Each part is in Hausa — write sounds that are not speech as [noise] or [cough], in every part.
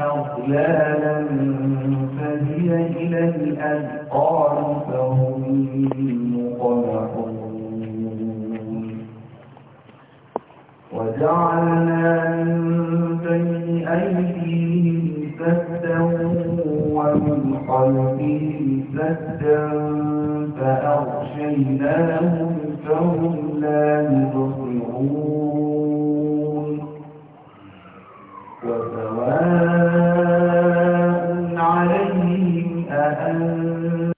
أغلالا فهي إلى فهم وجعلنا من بين أيديهم سدا ومن خلفهم سدا فأغشيناهم فهم لا يبصرون سواء عليهم أأنت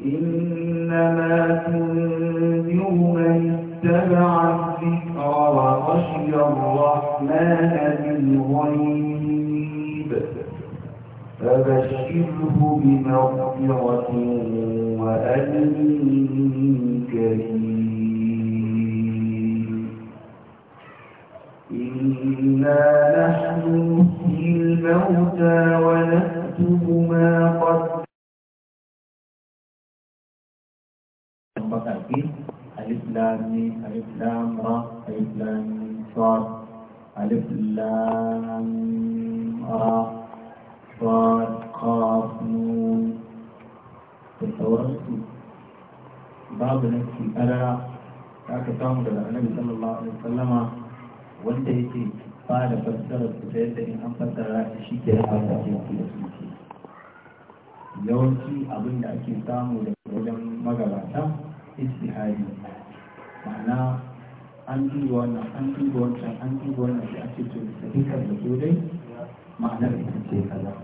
إنما تنذر من اتبع الذكر وخشي الرحمن بالغيب فبشره بمغفرة وأبي كريم إنا نحن نحيي الموتى ونكتب ما قدموا ألف لام ألف لام را ألف لام صاد ألف لام را صاد babu nasi karara da aka samu daga annabi sallallahu alaihi wasallama wanda yake ba da fassarar su da yadda in an fassara shi shi ke rafa da ke da su yawanci abin da ake samu da wajen magabata istihari ma'ana an duba wannan an duba wancan an duba wannan shi ake to da dukkan da so dai ma'anar ita ce kaza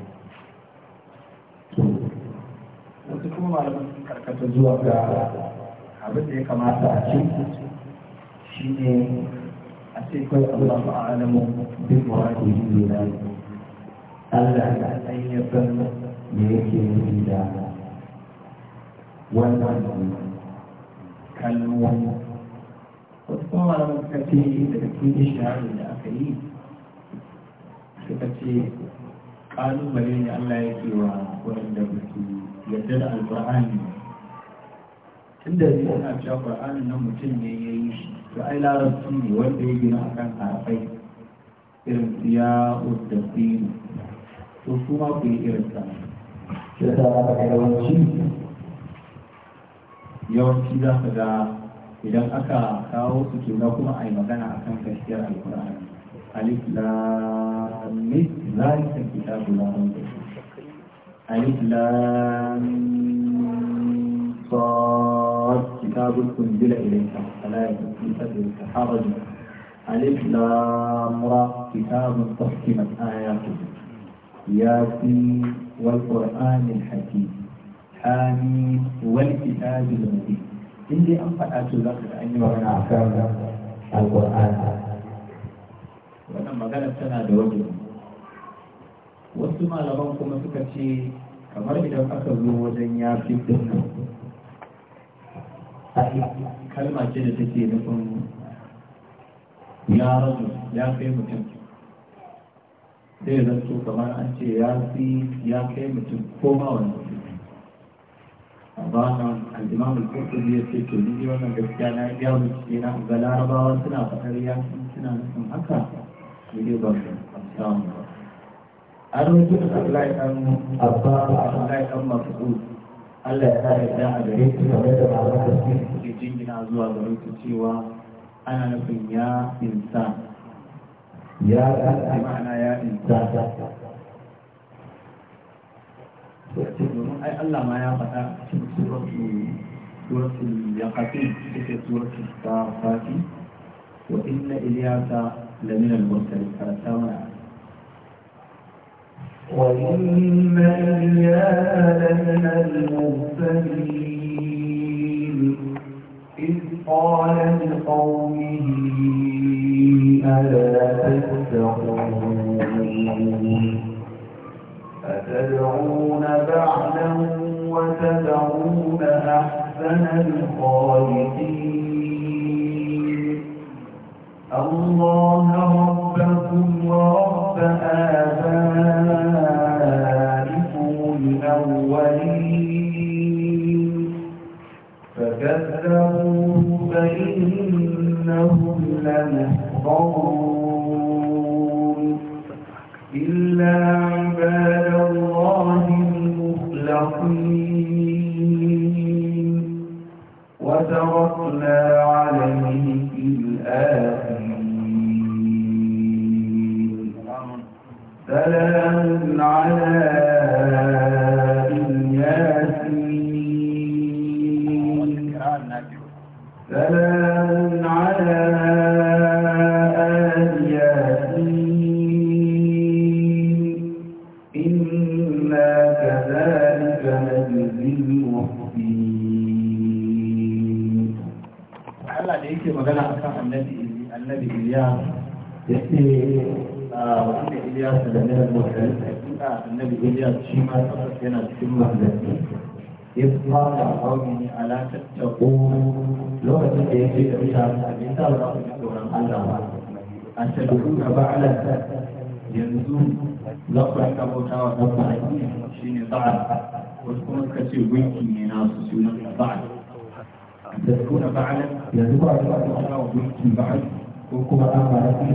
wasu kuma malaman sun karkata zuwa ga abin da ya kamata a ce shi ne a ce kai Allah ma'alamu bin mawaki yi ne Allah ya ayyukan da yake nufi da wannan kalmomi wasu kuma malamin suka ce daga cikin ishihari da aka yi suka ce ƙalubale ne Allah yake wa waɗanda ba su yarda da alƙur'ani tunda zai ana cewa ƙur'anin nan mutum ne ya yi shi to ai larabci ne wanda ya gina akan harafai irin siya uddafi to su ma ku yi irin sa shi ta ba ka yawanci yawanci za ka ga idan aka kawo su kewa kuma a yi magana akan kashiyar alƙur'ani alif lamit zalika kitabu la raiba alif lam صاد التوراة كتاب أنزل إليك فلا يكن في صدرك حرج ألف لام را كتاب تحكمت آياته ياسين والقرآن الحكيم حميد والكتاب المبين إني أنفعت لك أني وأنا أعتبر القرآن وأنا قالت سنة دوجه وسمى لهم كما suka كما إذا أخذوا وجن zo kalma ce da take nufin ya rasu ya kai mutum Zai zan kamar an ce ya fi ya kai mutum ko ma wani amma nan al-imam ya ce to ni wannan gaskiya na ya mutum na ga larabawa suna faɗar ya suna nufin haka ni dai ba su samu ba an rubuta Abdullahi dan Abba Abdullahi dan Mas'ud Allah ya sa da a gare ku kamar da ba za su ke jingina zuwa gare ku cewa ana nufin ya insa ya ɗan ma'ana ya insa domin ai Allah ma ya faɗa cikin suratul suratul yaqatin cikin suratul Fati wa inna Iliyata lamina al-mursalin karanta mana وإن لمن المرسلين إذ قال لقومه ألا أتدعون وتدعون أحسن الخالقين الله ربكم الله آبائكم الأولين فكذبوا فإنهم لمحضرون إلا da ya ce da ita abin sa ba za ku ji tsoron Allah ba a shaɗu ka ba ala yanzu za ku rika bauta wa dabba haƙi shi ne ba'a wasu kuma suka ce gunki ne na su sunan ba'a تذكرون بعلا يذكر الله gunki بعد ko kuma an ba rafi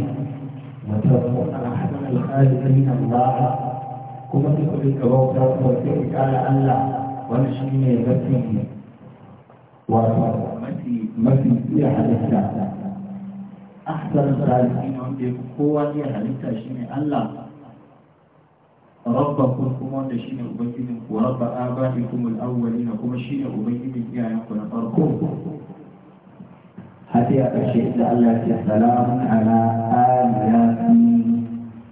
وتذكرون أحسن الخالقين الله kuma suka rika bauta wa sai ku ƙara Allah wani shi ne zafi wato mafi ما في فيها هذا الكلام أحسن الخالقين عندي قوة لي هل أنت أن لا رب كلكم عند شيني أبيتهم ورب آبائكم الأولين كم شيني أبيتهم يا يقول أتركوكم هذه أشياء لألك سلام على آياتي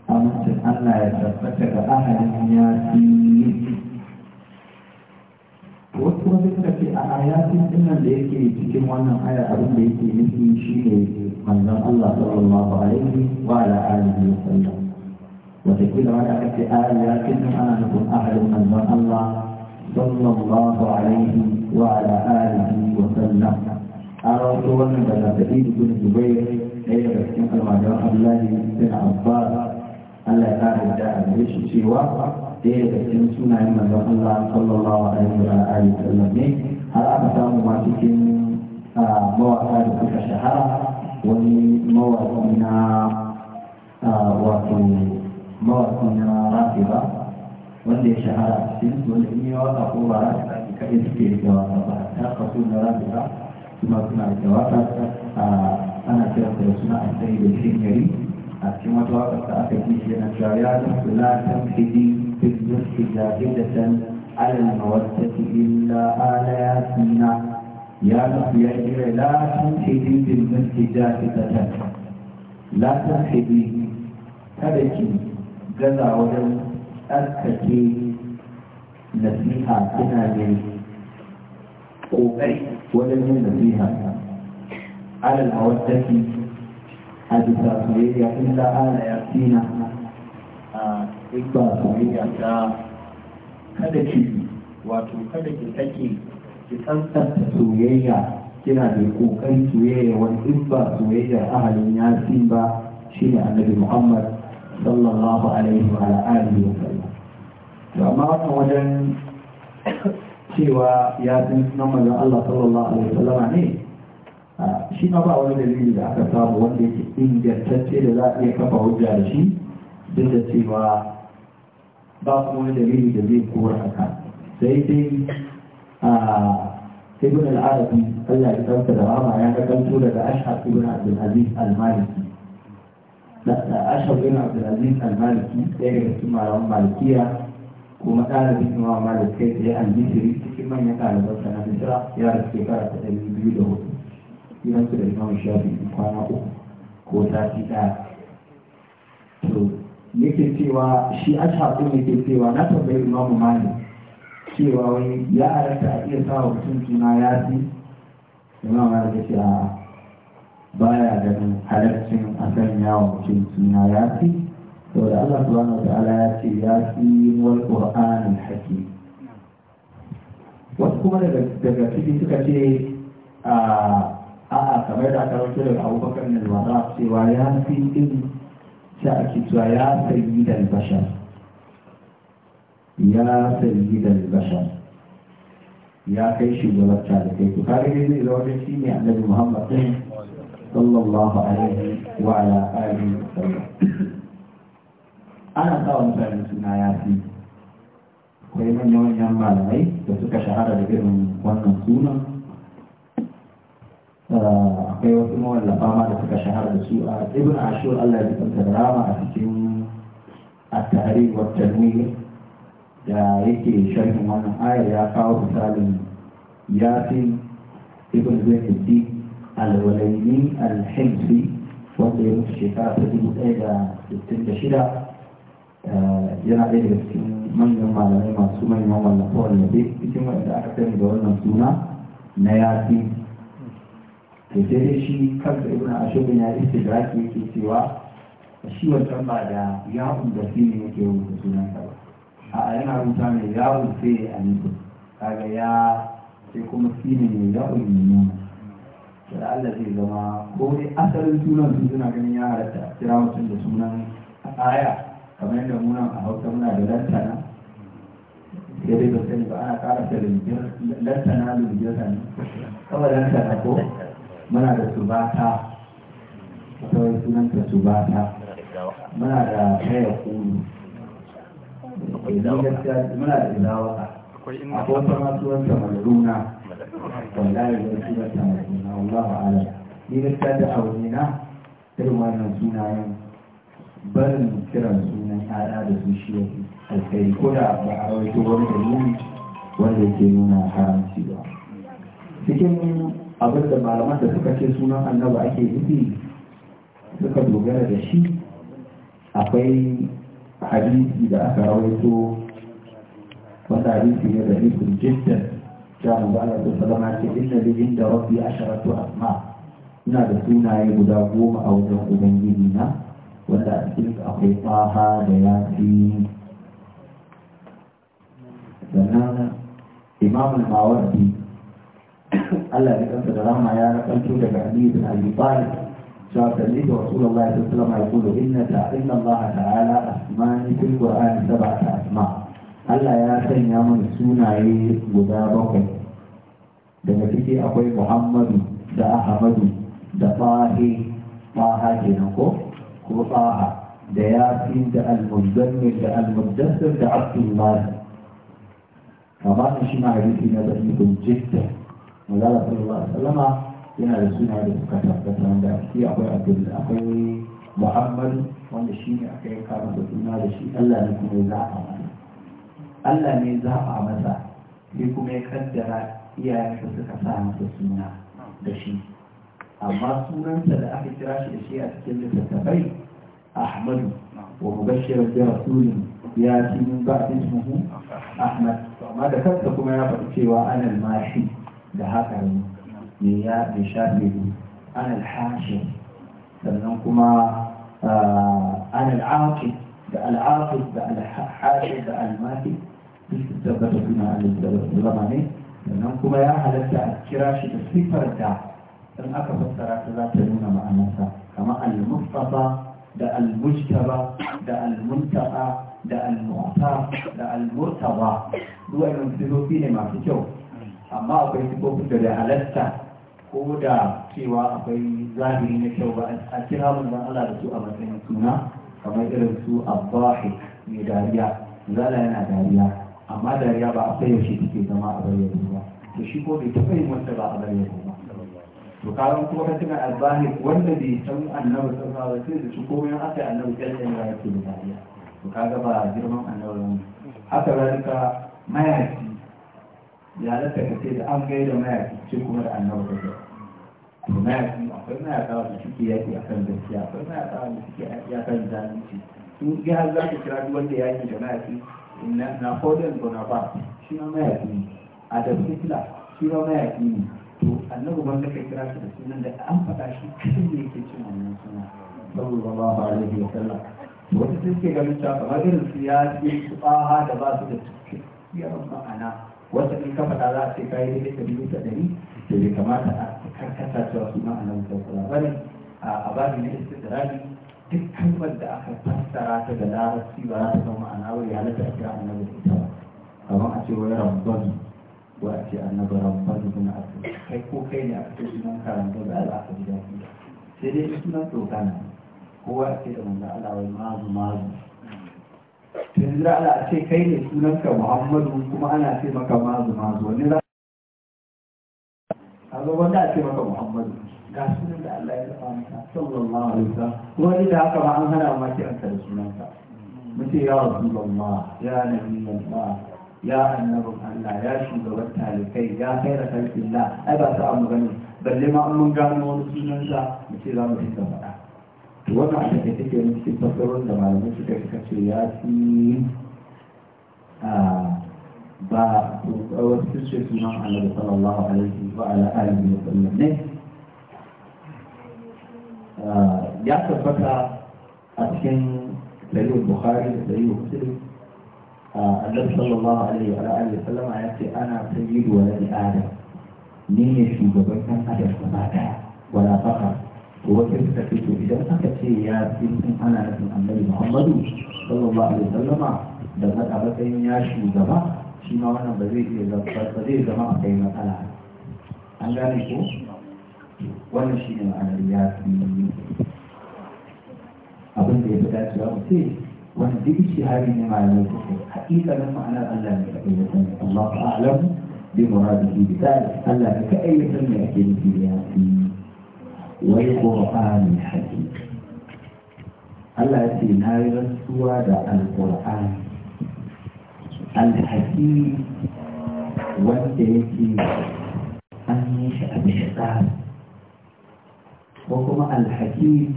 أمثل أن لا يتفتك أحد من ياتي malamai suka ce a ayatin dinnan da yake cikin wannan aya abin da yake nufi shine manzon Allah sallallahu alaihi wa ala alihi wa sallam wata kila wani aka ce ayatin nan ana nufin ahalin manzon Allah sallallahu alaihi wa ala alihi wa sallam a rawato wannan daga Sa'id ibn Jubair ɗaya daga cikin almajiran Abdullahi bin Abbas Allah ya kare da a gare shi cewa ɗaya da cikin sunayen manzon Allah sallallahu alaihi wa alihi wasallam ne har aka samu ma cikin mawaka da suka shahara wani mawaki na wato mawaki na rafiba wanda ya shahara cikin wanda in ya waka ko ba rafiba kaɗai suke da wasa ba ta kaso na rafiba kuma suna da wasa ana kira da suna a tsaye da cikin gari a cikin wata wakar da aka yi shi yana cewa ya tafi la tafi تجد زاهدة على المودة إلا على ياسمنا يا نبي أجر لا تنحدي بالمسك زاهدة لا تنحدي تبكي غزا ودم أكتي نسيها تنادي أوبي ولم نسيها على المودة حديث رسول إلا على ياسمنا آه. duk ba soyayya ta kada ki wato kada ki take ki tsantsanta soyayya kina da kokarin soyayya wani in ba soyayya ahalin yasin ba shine annabi Muhammad sallallahu alaihi wa alihi wa sallam to amma wajen cewa ya san sunan manzon Allah sallallahu alaihi wa sallama ne shi ma ba wani dalili da aka samu wanda yake ingantacce da za a iya kafa hujja da shi duk da cewa ba kuma dalili da zai kora haka sai dai a ibn al-arabi Allah ya tsanta da rama ya kakanto daga ashab ibn abdul aziz al-maliki ashab ibn abdul aziz al-maliki ɗaya daga cikin malaman malikiya kuma ɗalibin imam malik kai tsaye al-bisri cikin manyan ɗaliban sa na misra ya rasu shekara ta ɗari biyu da hudu gidansu da imam shafi kwana uku ko sati ɗaya to yake cewa shi ashab din yake cewa na tambayi imamu malik cewa wai ya halatta a iya sawa mutum suna ya fi imamu malik ya ce a baya ganin halaccin a sanya wa mutum suna ya fi saboda Allah subhanahu wa ta'ala ya ce ya fi wal qur'anul hakim wasu kuma daga ciki suka ce a a kamar da aka rawaito daga abubakar ne ba za a cewa ya fi din sai ake cewa ya sayi da bashar ya sayi da bashar ya kai da kai ku kare ne zai zama shi ne annabi muhammad din sallallahu alaihi wa ala alihi wa sallam ana sa mutane suna ya fi akwai manyan manyan malamai da suka shahara da irin wannan sunan akwai wasu mawallafa fama da suka shahara da su a ibn ashur Allah ya tsanta da rama a cikin at-tahrir wa da yake sharhin wannan aya ya kawo misalin yasin ibn zainudi alwalaini walaini wanda ya mutu shekara ta dubu ɗaya da sittin da shida eh, yana ɗaya daga cikin manyan malamai masu manyan wallafa wallafe cikin wanda aka sani da wannan suna na yasin shi sai dai shi kansa ibn ashubin ya istidraki yake cewa shi wancan ba da yawon da fi ne yake rubuta sunansa ba a yana rubuta mai yawon sai a alifu kaga ya sai kuma fi ne ne yawon ne nuna da Allah zai zama ko ne asalin sunan su suna ganin ya halatta kira mutum da sunan aya kamar yadda munan a hausa muna da lantana sai dai ba sani ba ana kara da lantana da lantana kawai lantana ko muna da subata akwai sunanta subata muna da kaya kuru eh, muna da izawaka akwai wata wanda sunanta malaruna wallahi da sunanta malaruna wallahu ala ni gaskiya da aure na irin wannan sunayen barin kiran sunan ya'ya da su shi yake alkhairi ko da ba a rawaito wani dalili wanda yake nuna haramci ba cikin abin da malaman da suka ce sunan annaba ake nufi suka dogara da shi akwai hadisi da aka rawaito wanda hadisi ne da nufin jiddan ja mu ba da salama ce inda da inda rabbi asharatu asma ina da sunaye guda goma a wajen ubangiji na wanda a cikin akwai faha da yafi sannan imamul mawardi Allah ya kansa da rahma ya rakanto daga Ali bin Abi Talib cewa da Rasulullahi sallallahu alaihi wasallam ya kulo inna ta inna Allah ta'ala asmani fil Qur'an sab'ata asma Allah ya sanya mana sunaye guda bakwai daga ciki akwai Muhammadu da Ahmadu da Fahi Faha kenan ko ko Faha da Yasin da Al-Muzammil da Al-Muddassir da Abdullah kama shi ma hadisi na da jidda manzala sallallahu alaihi Salama yana da suna da suka tabbata wanda shi akwai abdul akwai muhammad wanda shi ne aka yanka da suna da shi allah ne kuma ya zaɓa masa allah ne za a masa sai kuma ya kaddara iyayensa suka sa masa suna da shi amma sunansa da aka kira shi da shi a cikin littattafai ahmadu wa mubashir da rasulun ya ci min ba ba'd ismuhu ahmad amma da kansa kuma ya faɗi cewa anal mashi da haka ne ya da shahidu an alhashi sannan kuma an al'aqi da al'aqi da alhashi da almahi duk tabbata suna alzama ne sannan kuma ya halatta a kira shi da siffar da in aka fassara ta za ta nuna ma'anarsa kama al-mustafa da al-mujtaba da al-muntaqa da al-mu'ta da al-murtaba duk wannan sifofi ne masu kyau amma akwai sifofin da da halatta ko da cewa akwai zahiri na kyau ba a kira dan Allah da su a matsayin suna kamar irin su abbahi mai dariya zala yana dariya amma dariya ba a sai yaushe take zama a bayyana ba to shi ko bai taɓa yin wanda ba a bayyana ba to karon ko ka tuna albani wanda bai san annabi sallallahu alaihi wasallam shi komai an aka annabi sallallahu alaihi wasallam yake da dariya to kaga ba girman annabi haka zalika mayafi ya halatta ka ce da an gaida mayaki ce kuma da annabi da yau to mayaki akwai mayaka wanda suke yaki a kan gaskiya akwai mayaka wanda suke yaki a kan zalunci in ga har za ka kira duk wanda yaki da mayaki na kodin bonaparte shi ma mayaki ne a adam hitler shi ma mayaki ne to annabi wanda ka kira shi da sunan da an faɗa shi kasan ne yake cin wannan suna saboda sallallahu da wa sallam wasu suke ganin cewa kamar irin su ya ce su da ba su da cikakkiyar ma'ana wasu in ka faɗa za a ce kayi da ka biyu ta ɗari da bai kamata a karkata cewa su ma a nan saukula ba ne a bani na istidrani duk kalmar da aka fassara ta da larabci ba za ta zama ma'ana wai ya halatta a kira annabi da ita ba kamar a ce wai rambani ko a ce annabi rambani kuma a ce kai ko kai ne a ce sunan karanta da ala aka ji daɗi sai dai sunan tsokana kowa a ce da wanda Allah wai mazu mazu yanzu da ana ce kai ne sunanka muhammadu kuma ana ce maka mazu mazu wani za a zo wanda a ce maka muhammadu ga sunan da Allah ya zaba maka sallallahu alaihi wasallam wani da haka ma an hana ma kiranka da sunanka muke ya rasulullah ya nabiyullah ya annabin Allah ya shugaban talibai ya kai da kalfin ai ba ta amma gani balle ma an mun gano wani sunansa mu ce za mu dinga faɗa وضع الكتاب في التصور لما لم يكن في سياسي با او استشهد من على صلى الله عليه وعلى اله وسلم نفس نعم. آه، يا تبقى أتكن سيد البخاري سيد مسلم آه، النبي صلى الله عليه وعلى آله وسلم يأتي أنا سيد ولد آدم نيني شو ببنك أدب ولا فقط وبكر تكيت إذا أكتي يا إنسان أنا اسم النبي محمد صلى الله عليه وسلم دخل أبتين يا شو زما شي ما وانا بزيد إذا بزيد زما أكي مثلا أن ذلك وانا شيء أنا رياض abin da ya fi dacewa mu ce wani duk shahari ne malamai suke haƙiƙanin ma'anar Allah ne kaɗai ya sani Allah ta'alam bi muradihi bi ta'ala Allah ne kaɗai ya sani ake nufi da yafi wani ƙur'ani haƙi Allah ya ce na yi rantsuwa da alƙur'ani alhaƙi wanda yake an yi shi a bisa tsari ko kuma alhaƙi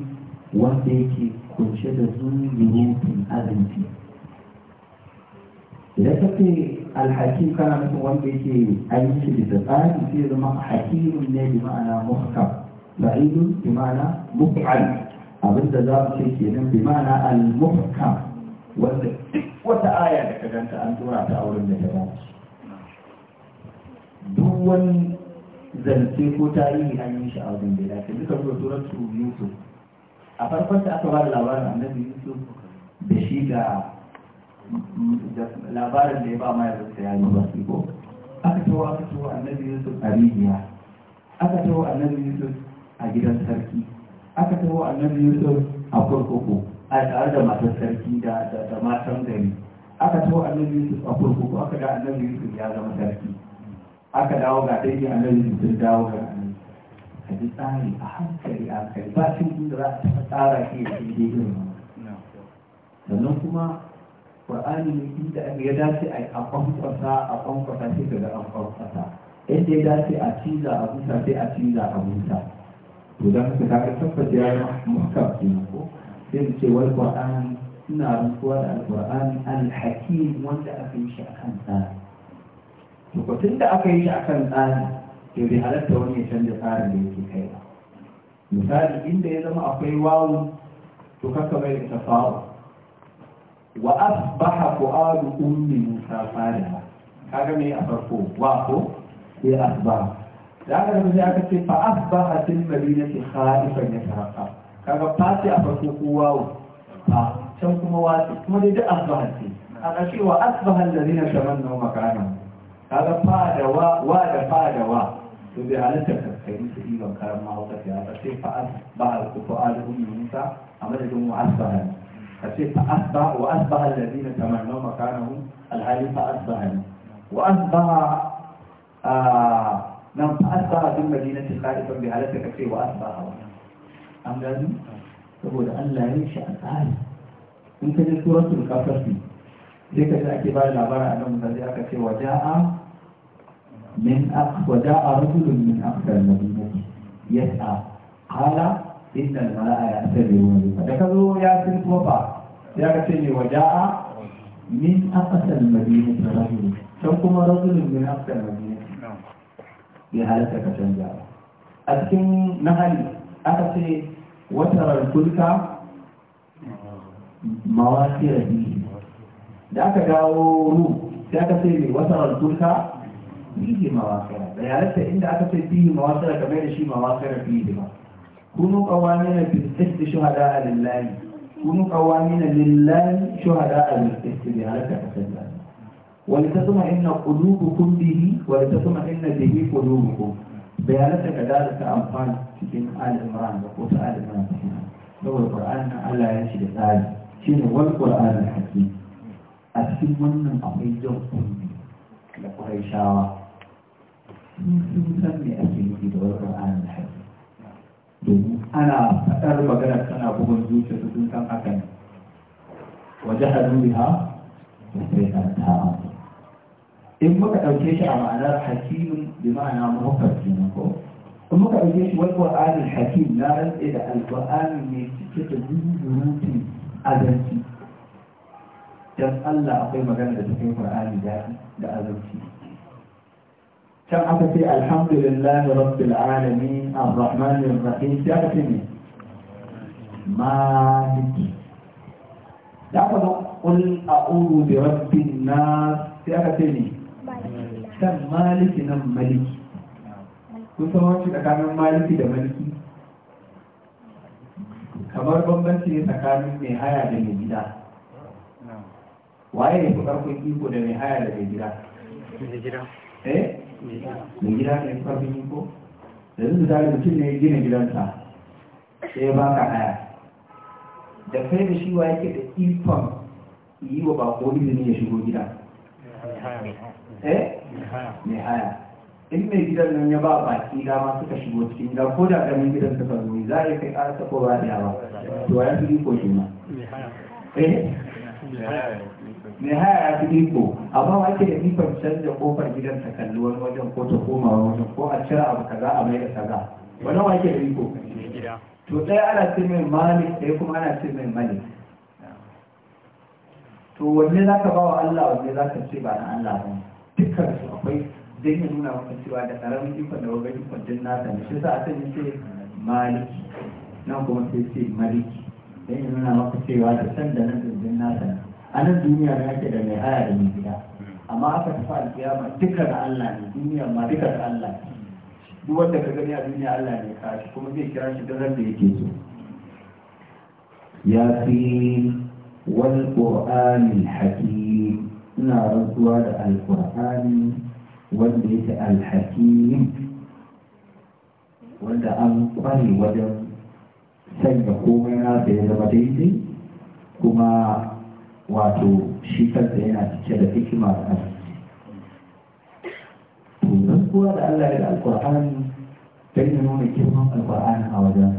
wanda yake kunshe da zunzurutun azumci idan ka ce alhaƙi kana nufin wanda yake an yi shi bisa tsari sai zama hakimin ne bi ma'ana muhkam sa'idun bi ma'ana muf'al abinda za mu ce kenan bi al-muhkam wanda duk wata aya da ka an auren da ta duk wani zance ko tarihi an yi shi a wajen da dace duka zuwa turan su yusuf a farkon ta aka ba da labarin annabi yusuf da shi da labarin da ya ba ma yanzu ya yi ba ko aka tawo aka tawo annabi yusuf a rijiya aka tawo annabi yusuf a gidan sarki aka taho annabi yusuf a kurkuku a tare da matar sarki da matan gari aka taho annabi yusuf a kurkuku aka da annabi yusuf ya zama sarki aka dawo ga dangi annabi yusuf sun dawo ga annabi a ji tsari a hankali a hankali ba shi da za a taɓa tsara shi ya shi irin sannan kuma Al-Qur'ani ne inda ya dace a kwankwasa a kwankwasa sai ka ga an kwankwasa yadda ya dace a ciza a busa sai a ciza a busa to dan haka ta tabbata ya yi muhkam kenan ko sai mu ce wal qur'an suna rantsuwa da alƙur'ani alhakim wanda aka yi shi a kan tsari to ko tunda aka yi shi a kan tsari to bai halatta wani ya canza tsarin da yake kai ba misali inda ya zama akwai wawu to kaka bai da tafawa wa asbaha fu'adu ummi musa fariha kaga me a farko wa ko sai asbaha da aka zama sai aka ce fa asbaha fil madinati khalifan yataraqa kaga fati a farko ko wawo fa can kuma wati kuma dai duk asbaha ce a ƙarshe wa asbaha alladhina tamannaw makanahu kaga fa da wa wa da fa da wa to bai halatta kakkari su ɗiban karan mahaukaci a ce fa ba a kufa alhun yunusa a madadin wa asbahan ƙarshe fa'as ba wa asbahan da zina tamanna makanahun alhali fa'as ba ne wa asbaha ah, نعم أثر في المدينة خالفا التكفير فيه وأثرها أم لازم؟ تقول أن لا ينشأ الآية أنت نسورة الكفر فيه ذلك الاعتبار العبارة أن مفزيرة كثير وجاء من أقصى وجاء رجل من أقصى المدينة يسعى قال إن الملائكة يعتذرون بك ذكروا يا سيد وفاء يا كثير وجاء من أقصى المدينة رجل ثم رجل من أقصى المدينة bai halatta ka canja ba a cikin nahari aka ce watarar kulka mawasira biyu da aka dawo ru sai aka ce mai watarar kulka biyu mawasira da halatta inda aka ce biyu mawasira game da shi mawasira biyu ba kunu qawamina bil qist shuhada lillahi kunu qawamina lillahi shuhada bil qist bi halatta ka canja ولتسمع إن قلوبكم به ولتسمع إن به قلوبكم بيالتك كذلك أمثال سيدنا آل إمران وقوس آل إمران تكين هو القرآن على يشي الآل شنو هو القرآن الحكيم أسفل من من أخي جوكم لقرأي شاوة مثل مسمي أسفل من القرآن الحكيم أنا أتر أنا أبوهن جوشة تكون كان بها وستيقظتها أمثال in muka ɗauke shi a ma'anar hakimin bi ma'ana muhaffar kenan ko in muka ɗauke shi wani qur'anul hakim na rantse da alqur'ani ne cike da zuzurutun azanci dan Allah akwai magana da cikin qur'ani da azanci كم أتتي الحمد لله رب العالمين الرحمن الرحيم تعرفني مالك لعبنا قل أعوذ برب الناس تعرفني kan maliki nan maliki kun san wanci tsakanin maliki da maliki kamar bambanci ne tsakanin mai haya da mai gida waye ne ku karfin iko da mai haya da mai gida mai gida eh? ne fi karfin iko da zuwa da mutum ne gina gidansa sai ya baka haya da kai da shi wa yake da ikon yi wa bako izini ya shigo gida eh mai haya in mai gidan nan ya ba baki dama suka shigo cikin gida ko da ganin gidan suka zo za a kai ƙara ta ko ba da yawa to ya fi iko shi ma eh mai haya ya fi iko amma wa ake da ikon canza kofar gidan ta kalli wani wajen ko ta koma wani wajen ko a cire abu kaza a mai da kaza wani wa ake da iko to ɗaya ana ce mai malik ɗaya kuma ana ce mai malik to wanne za ka ba wa Allah wanne za ka ce ba na Allah ba dukkan su akwai zai ya nuna maka cewa da karamin ikon da wajen ikon din nasa ne shi sa a sanya ce maliki nan kuma sai ce maliki zai ya nuna maka cewa da san da nan din nasa ne a nan duniya na yake da mai haya da mai gida amma aka tafi alkiyama dukkan da Allah ne duniya ma dukkan da Allah ne duk wanda ka gani a duniya Allah ne ka shi kuma zai kira shi duk da yake so yasin wani qur'anil hakim Suna rantsuwa da alkur'ani wanda yake alhakim wanda an kware wajen sanya komai nasa ya zama daidai kuma wato shi kansa yana cike da hikima da arziki to rantsuwa da Allah da alkur'ani ta yi nuna girman alkur'ani a wajen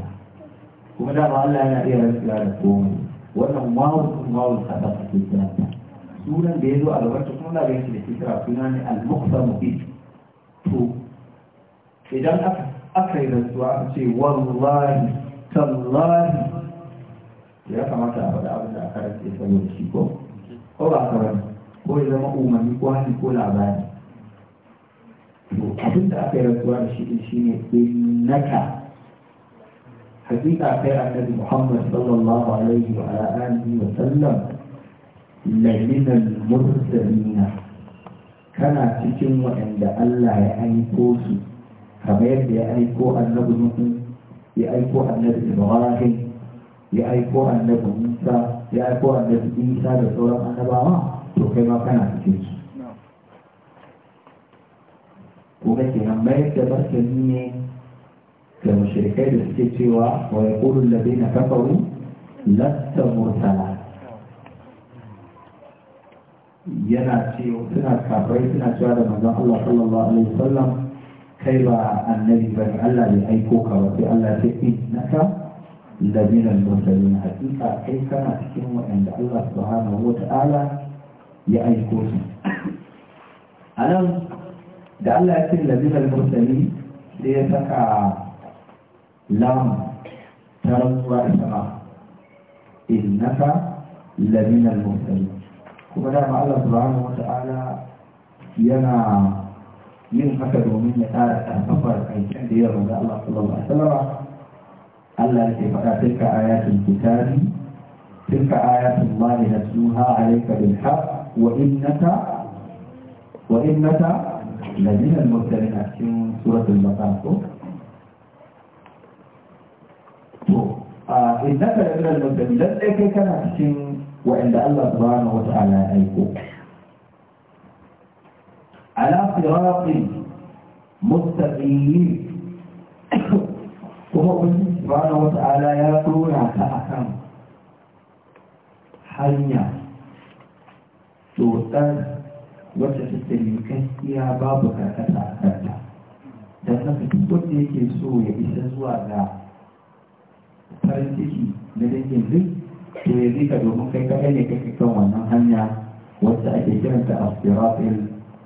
kuma dama Allah yana iya rantsuwa da komai wannan wawun wawun ƙasa a kiranta sunan da ya zo a gaban ta kuma labarin da ke kira suna ne al-muqsa mubin to idan aka aka yi rantsuwa aka ce wallahi tallahi ya kamata a faɗa abin da aka rantsa ya saboda shi ko ko ba ka bane ko ya zama umarni ko hali ko labari to abin da aka yi rantsuwa da shi shi ne innaka حقيقة خير النبي محمد صلى الله عليه وعلى آله وسلم laminan mursalina kana cikin waɗanda Allah ya aiko su kamar yadda ya aiko annabi Nuhu ya aiko annabi Ibrahim ya aiko annabi Musa ya aiko annabi Isa da sauran annabawa to kai ma kana cikin su kuma kenan mayar da martani ne ga mushrikai da suke cewa wa yaqulu alladhina kafaru lasta mursala yana cewa suna kafirai suna cewa da manzon Allah sallallahu alaihi wasallam kai ba annabi ba Allah bai aiko ka ba sai Allah ce innaka la min al-mursalin hakika kai kana cikin wanda Allah subhanahu wata'ala ya aiko su anan da Allah ya ce la min al-mursalin sai ya saka lam da sama innaka la min al-mursalin kuma dama Allah subhanahu wata'ala yana yin haka domin ya ƙara ƙarfafar aikin da ya da Allah sallallahu alaihi wasallam Allah yake faɗa tilka ayatul kitabi tilka ayatul lahi natluha alayka bil haqq wa innaka wa innaka la min al mursalin cikin suratul baqara ko to a innaka la min al mursalin dan kai kana cikin wa'anda Allah subhanahu wa ta'ala ya aiko ala siratin mustaqim kuma ubangiji subhanahu wa ta'ala ya dora ka akan hanya tsotsar wacce take miƙaƙƙiya babu karkata a kanta don haka duk wanda yake so ya isa zuwa ga farin ciki na dangin duk في ذلك المفكة إليك تكون همية وسأجدين أنت الصراط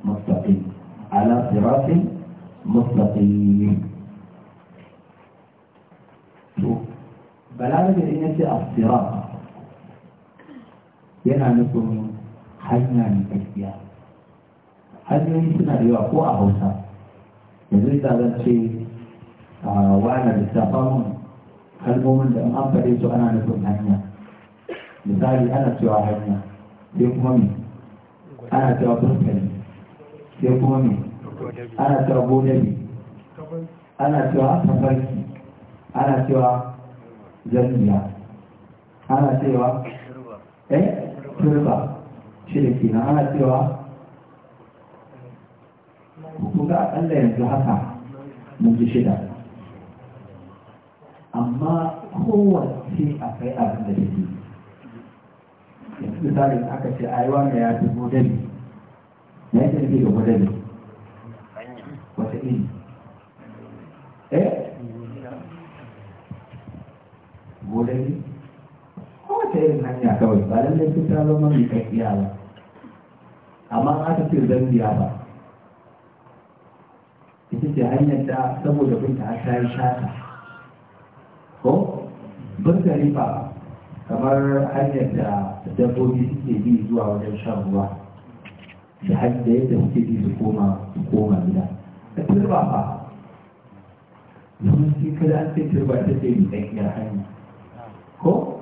المستقيم على صراط مستقيم بلعب بإنة الصراط ينعنكم حجنا من كثيا حجنا من سنة يوقوع أهوسا يزوي تعالى آه، وعنا بالسفر خلقوا من دمام فريسو أنا نكون حجنا misali ana cewa hanya sai kuma me ana cewa fuskari sai kuma me ana cewa godabi ana cewa tafarki ana cewa zanniya ana cewa eh turba shi da ke ana cewa kuka akalla yanzu haka mun ji shida amma kowace akwai abin da take misali aka ce yi wannan ya fi godabi ya ce nufi da godabi wata iri eh godabi kowace irin hanya kawai ba lallai su ta zama mai kakkiya ba amma aka ce zambiya ba ita ce hanyar da saboda binta ta yi shata ko bin riba kamar hanyar da dabbobi suke bi zuwa wajen shan ruwa da hanyar yadda suke bi su koma su koma gida da turba ba domin sun kada an ce turba ta ce mai tsakiyar hanya ko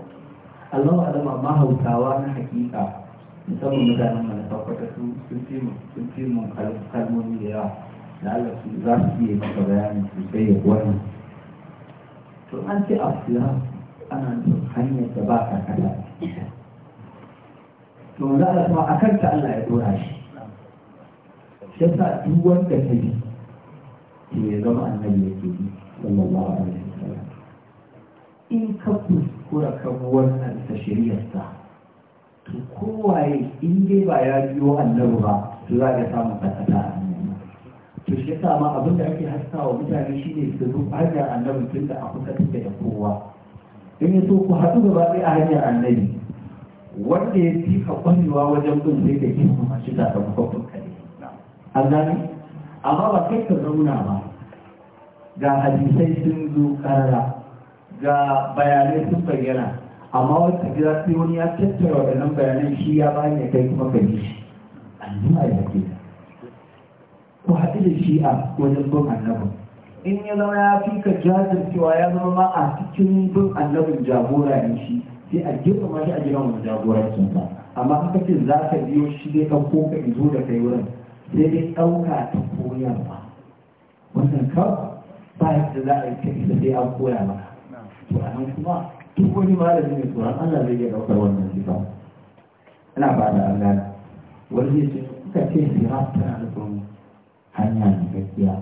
Allah alama ma hautawa na hakika musamman mutanen mana tabbata su sun ce mun sun fi mun kalmomi da yawa da Allah su za su iya maka bayani sosai ya wannan to an ce afsira ana nufin hanyar da ba ka kada to za a kuma a kanta Allah ya dora shi shi yasa duk wanda ta bi ke ya zama annabi ke bi sallallahu alaihi wasallam in ka kuskura kan wannan ta shari'arsa to kowaye in dai ba ya biyo annabi ba to za ka samu kasata to shi yasa ma abin da ake haskawa mutane shine su rubuta hanyar annabi tun da a kusa da kowa in ya so ku haɗu gaba ɗaya a hanyar annabi wanda ya fi ka kwanewa wajen bin zai ka ke kuma shi sakamakon kare an gani amma ba kai ka zauna ba ga hadisai sun zo karara ga bayanai sun bayyana amma wata gida sai wani ya tattara waɗannan bayanan shi ya bayan ya kai kuma gani shi an zuwa ya ke ku haɗu da shi a wajen bin annabin in ya zama ya fi ka jajircewa ya zama ma a cikin bin annabin jagora ne shi sai a girma shi a gidan wani jagorancin sa amma haka ce za ka biyo shi dai ɗauko ka izo da kai wurin sai dai ɗauka ta ba wannan kan ba yadda za a yi kai da sai an koya maka to a nan kuma duk wani malami mai tsoron Allah zai iya ɗaukar wannan sifa ina ba da Allah wani zai ce kuka ce sirat tana nufin hanya ne gaskiya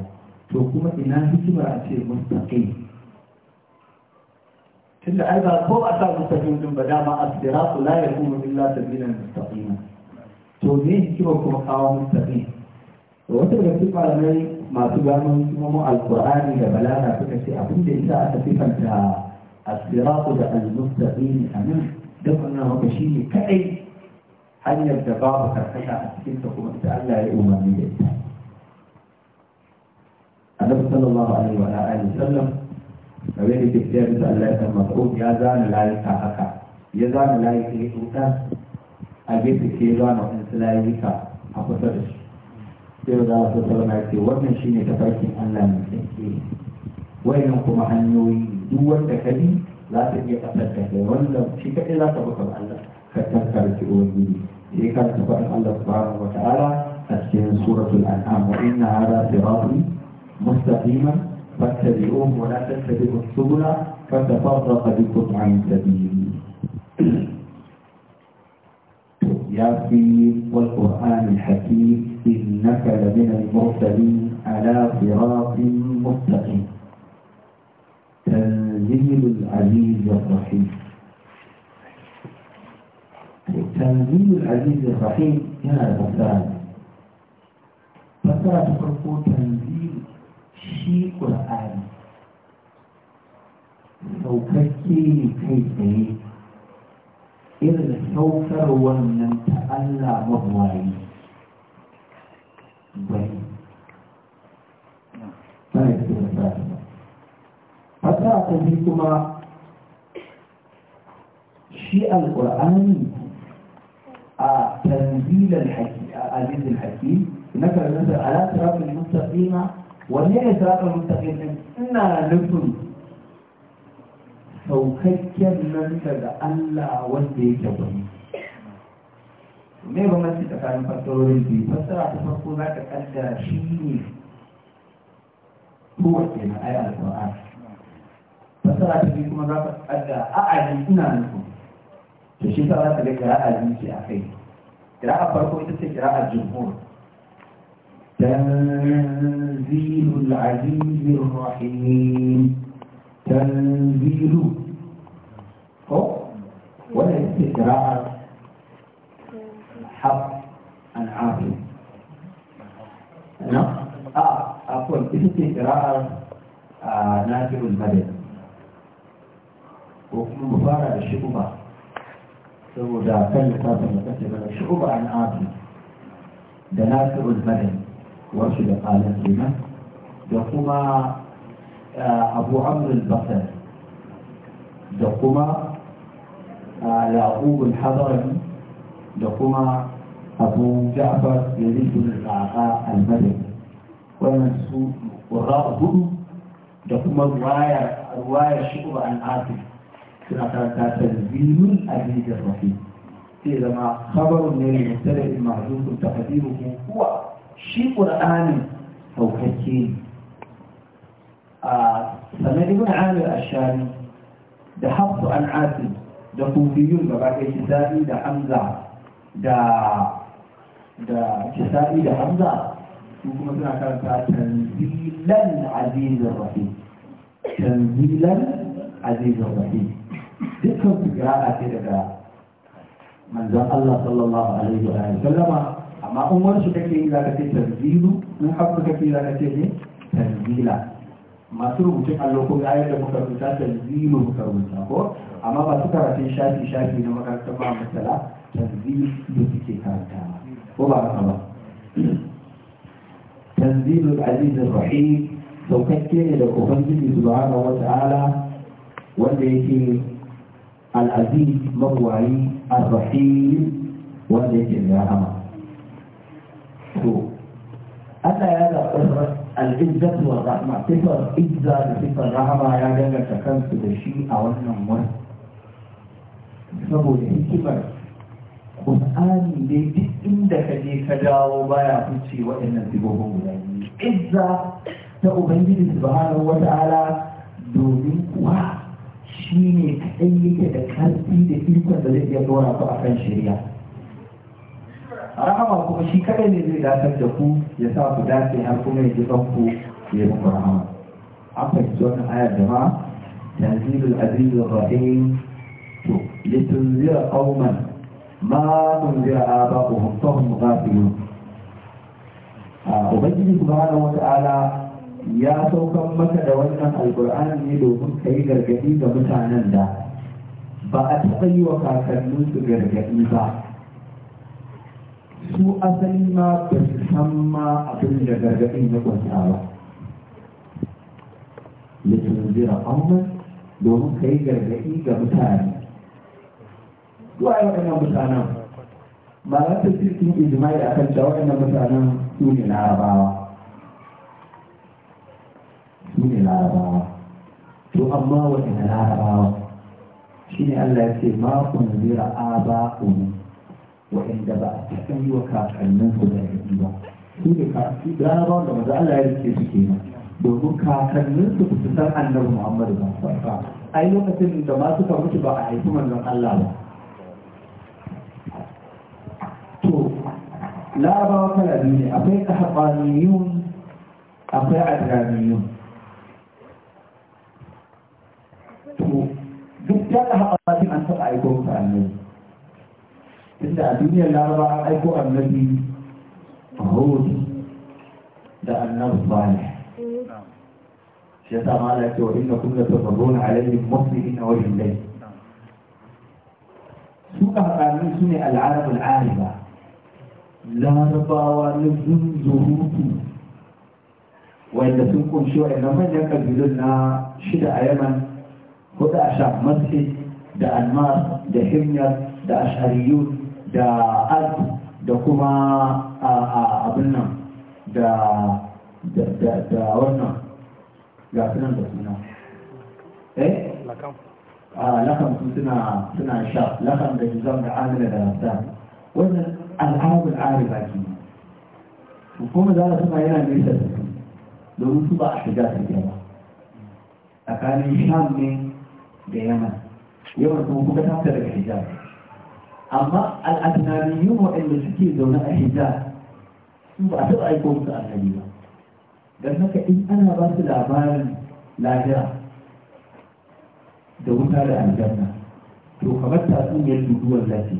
to kuma ina hikima a ce mustaqim tunda ai ba ko a sa mustaqim din ba dama as-siratu la yakunu illa sabilan mustaqima to ne hikima kuma kawo mustaqim to wata daga cikin malamai masu gano hikimomin alqur'ani da balaga suka ce abin da yasa aka sifanta as-siratu da al-mustaqim anan da wannan haka shine kadai hanyar da babu karkata a cikin ta kuma ita Allah ya umarni da ita annabi sallallahu alaihi wa alihi sallam kawai da tafiya bisa Allah ya san mas'ud ya zana layuka haka ya zana layuka ya tuta a gefe ke zana wasu layuka a kusa da shi sai da Allah sallallahu alaihi wa wannan shine tafarkin Allah ne yake wayannan kuma hanyoyi duk wanda ka bi za ta iya kasar da kai wanda shi kaɗai za ka baka Allah ka tankarci ubangiji sai ka tafi Allah subhanahu wa ta'ala a cikin suratul an'am wa inna hada siratun مستقيما فاتبعوه ولا تتبعوا السبل فتفرق بكم عن سبيله ياسين والقرآن الحكيم إنك لمن المرسلين على صراط مستقيم تنزيل العزيز الرحيم تنزيل العزيز الرحيم يا فساد فساد فرقو تنزيل shi ƙur'ani saukakke ne kai tsaye irin saukar wannan ta Allah mabuwayi gwani ba ya ce da fata ta bi kuma shi alƙur'ani a tanzilar hakim a azizin hakim na karnasar ala tarafin mustaqima wanne ne siratul mustaqim din ina nufin saukakken nan daga Allah wanda yake gwani me ba mace tsakanin fassarorin biyu fasara ta farko za ka kaddara shi ne kowace na ayar alƙur'an fasara ta biyu kuma za ka kaddara a'adin ina nufin to shi sa za ka ga kira'ar zuci a kai a farko ita ce kira'ar jumhur تنزيل العزيز الرحيم تنزيل ولا استقراء حق عن نعم اه اقول استقراء آه. نادر الملك وفي مفارقة الشعوبة سوى ذا كلمة الشعوبة عن عاقل ده ناكل الملك ورشد قال لنا دقما آه، أبو عمرو البصري دقما آه، يعقوب الحضري دقما أبو جعفر يزيد بن القعقاع المدني ومنسوب وراءهم دقما رواية رواية شكر عن عاصم سنة تنزيل الأبيد الرحيم إذا ما خبر من المبتدئ المعزوز تقديره هو shi ƙur'anin saukakke ne a sannan ibn amir ashari da hafsu an asim da kufiyun gaba ɗaya kisa'i da hamza da da kisa'i da hamza su kuma suna karanta tanzilan azizin rahim tanzilan azizin rahim dukkan su kira ce daga manzon Allah sallallahu alaihi wa sallama amma in wani su kake yi za ka ce tanzilu in haku kake yi za ka ce ne tanzila masu rubutun allo ko ayar da muka rubuta tanzilu muka rubuta ko amma ba su karatun shafi shafi na makarantar ba masala tanzilu da suke karanta ko ba haka ba [clears throat] tanzilul azizur rahim saukakke ne da ubangiji subhanahu wata'ala wanda yake al-aziz mabwayi ar-rahim wanda yake da rahama to Allah ya zaɓi al'izzatu wa rahma sifar izza da sifar rahama ya danganta kansu da shi a wannan wani saboda hikimar Qur'ani ne duk inda ka je ka dawo baya fice waɗannan sifofin guda izza ta ubangiji subhanahu wata ala domin kuwa shine kaɗai yake da ƙarfi da ikon da zai iya dora ku kan shari'a rahama kuma shi kadai ne zai datar da ku ya sa ku dace har kuma ya ji ku ya yi muku rahama an fahimci wannan da jama'a tanzilul azizu rahim to litunzira qauman ma tunzira aba'uhum fa hum ghafilun ubangiji subhanahu wata'ala ya saukan maka da wannan alkur'ani ne domin ka yi gargadi ga mutanen da ba a taɓa yi wa kakanninsu gargadi ba su asali ma ba su san ma abin da gargaɗin ya kwanta ba litin zira ƙaunar domin ka yi gargaɗi ga mutane zuwa yi waɗannan mutanen ba za ta fi sun ijimai a kan cewa waɗannan mutanen su ne larabawa su ne larabawa to amma waɗannan larabawa shi ne allah ya ce ma kun zira a ba waɗanda ba a cikin yi wa kakannin su da yanzu ba su ne kakanni larabawa da maza Allah ya rike su kenan domin kakannin su su san annabi Muhammadu ba ba ai lokacin da ma suka mutu ba a haifi manzon Allah ba to larabawa kala biyu ne akwai kahabaniyun akwai adraniyun to duk da kahabaniyun an taɓa aiko ka annabi tunda a duniyar laraba an aiko annabi hud da annabi salih shi yasa ma Allah ce wa inna kum la tadrun alaihim muslimin wa ilayhi su ka hakanin su ne al'arab al'ariba larabawa na zunzurutu wanda sun kunshi wa'annan manyan kabilun na shida a yaman hudu a sham masjid da anmar da himyar da ashariyun da ad da kuma abin nan da wannan ga sunan da suna eh lakam sun suna suna sha lakam da jizam da amina da rasta wannan al'arabul ariba ke kuma za su yana nesa da su domin su ba a shiga su ba tsakanin sham ne da yaman yawan kuma kuka tafi daga hijab amma al'adnaniyun waɗanda suke zaune a hijja su ba a taɓa aiko musu annabi ba don haka in ana ba su labarin lahira da wuta da aljanna to kamar tatsuniyar duduwar lafi